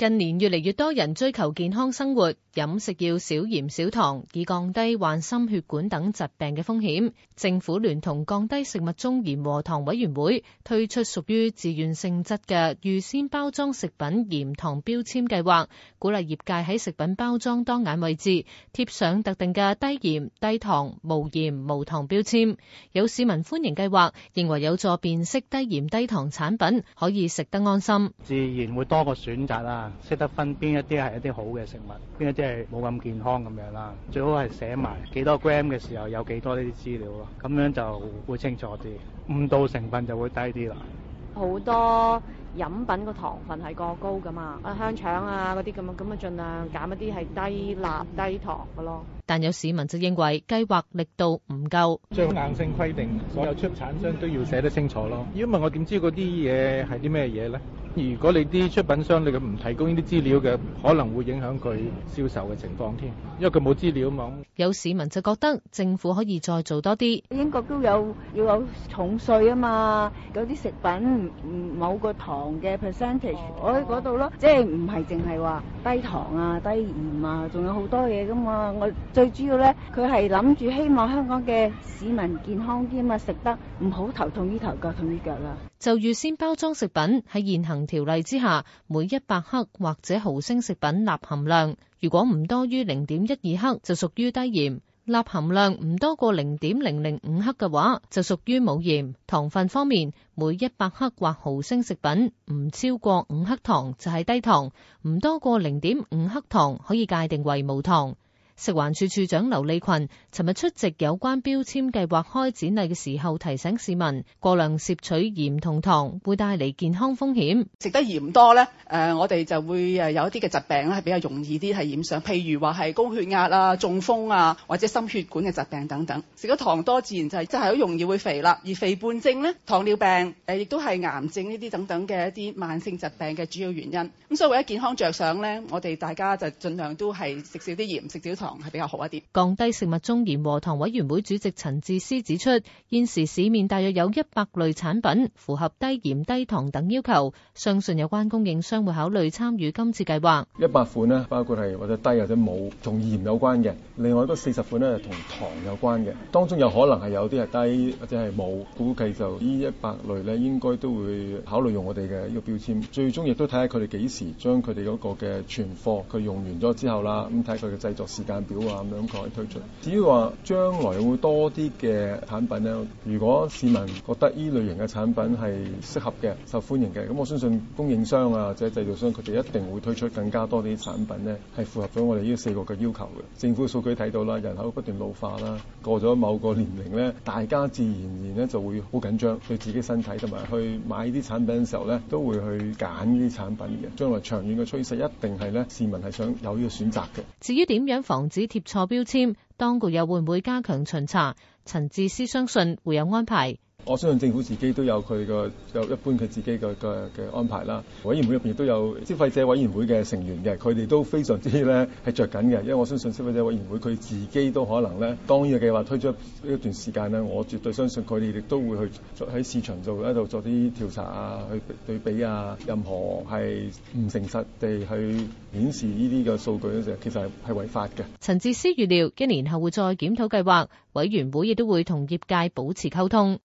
近年越嚟越多人追求健康生活，飲食要少鹽少糖，以降低患心血管等疾病嘅風險。政府聯同降低食物中鹽和糖委員會推出屬於自願性質嘅預先包裝食品鹽糖標籤計劃，鼓勵業界喺食品包裝當眼位置貼上特定嘅低鹽低糖無鹽無糖標籤。有市民歡迎計劃，認為有助辨識低鹽低糖產品，可以食得安心，自然會多個選擇啊！識得分邊一啲係一啲好嘅食物，邊一啲係冇咁健康咁樣啦。最好係寫埋幾多 gram 嘅時候有幾多呢啲資料咯，咁樣就會清楚啲。誤導成分就會低啲啦。好多飲品個糖分係過高噶嘛，香腸啊嗰啲咁啊，咁啊盡量減一啲係低鈉低糖嘅咯。但有市民則認為計劃力度唔夠。將硬性規定所有出產商都要寫得清楚咯。如果問我點知嗰啲嘢係啲咩嘢咧？如果你啲出品商你嘅唔提供呢啲資料嘅，可能會影響佢銷售嘅情況添，因為佢冇資料嘛。有市民就覺得政府可以再做多啲。英國都有要有重稅啊嘛，有啲食品唔某個糖嘅 percentage，oh. 我喺嗰度咯，即係唔係淨係話。低糖啊，低鹽啊，仲有好多嘢噶嘛！我最主要咧，佢係諗住希望香港嘅市民健康啲啊嘛，食得唔好頭痛醫頭，腳痛醫腳啦、啊。就預先包裝食品喺現行條例之下，每一百克或者毫升食品鈉含量，如果唔多於零點一二克，就屬於低鹽。鈉含量唔多過零點零零五克嘅話，就屬於冇鹽。糖分方面，每一百克或毫升食品唔超過五克糖就係低糖，唔多過零點五克糖可以界定為無糖。食環署署長劉利群尋日出席有關標籤計劃開展禮嘅時候，提醒市民過量攝取鹽同糖會帶嚟健康風險。食得鹽多咧，誒、呃，我哋就會誒有一啲嘅疾病咧係比較容易啲係染上，譬如話係高血壓啊、中風啊或者心血管嘅疾病等等。食咗糖多，自然就係真係好容易會肥啦。而肥胖症呢、糖尿病誒，亦、呃、都係癌症呢啲等等嘅一啲慢性疾病嘅主要原因。咁所以為咗健康着想咧，我哋大家就盡量都係食少啲鹽，食少糖係比較好一啲。降低食物中鹽和糖委員會主席陳智思指出，現時市面大約有一百類產品符合低鹽低糖等要求，相信有關供應商會考慮參與今次計劃。一百款呢，包括係或者低或者冇同鹽有關嘅，另外嗰四十款咧同糖有關嘅，當中有可能係有啲係低或者係冇，估計就呢一百類呢應該都會考慮用我哋嘅呢個標籤，最終亦都睇下佢哋幾時將佢哋嗰個嘅存貨佢用完咗之後啦，咁睇佢嘅製作時間。表啊，咁樣可以推出。至於話將來會多啲嘅產品咧，如果市民覺得依類型嘅產品係適合嘅、受歡迎嘅，咁我相信供應商啊或者製造商佢哋一定會推出更加多啲產品咧，係符合咗我哋呢四個嘅要求嘅。政府數據睇到啦，人口不斷老化啦，過咗某個年齡咧，大家自然而然咧就會好緊張，對自己身體同埋去買啲產品嘅時候咧，都會去揀呢啲產品嘅。將來長遠嘅趨勢一定係咧，市民係想有呢個選擇嘅。至於點樣防防止貼錯標籤，當局又會，唔會加強巡查？陳智思相信會有安排。我相信政府自己都有佢嘅，有一般佢自己嘅個嘅安排啦。委員會入邊亦都有消費者委員會嘅成員嘅，佢哋都非常之咧係着緊嘅，因為我相信消費者委員會佢自己都可能咧當呢個計劃推出了一段時間咧，我絕對相信佢哋亦都會去做喺市場做一度做啲調查啊，去對比啊，任何係唔誠實地去顯示呢啲嘅數據咧，就其實係違法嘅。陳智思預料一年後會再檢討計劃，委員會亦都會同業界保持溝通。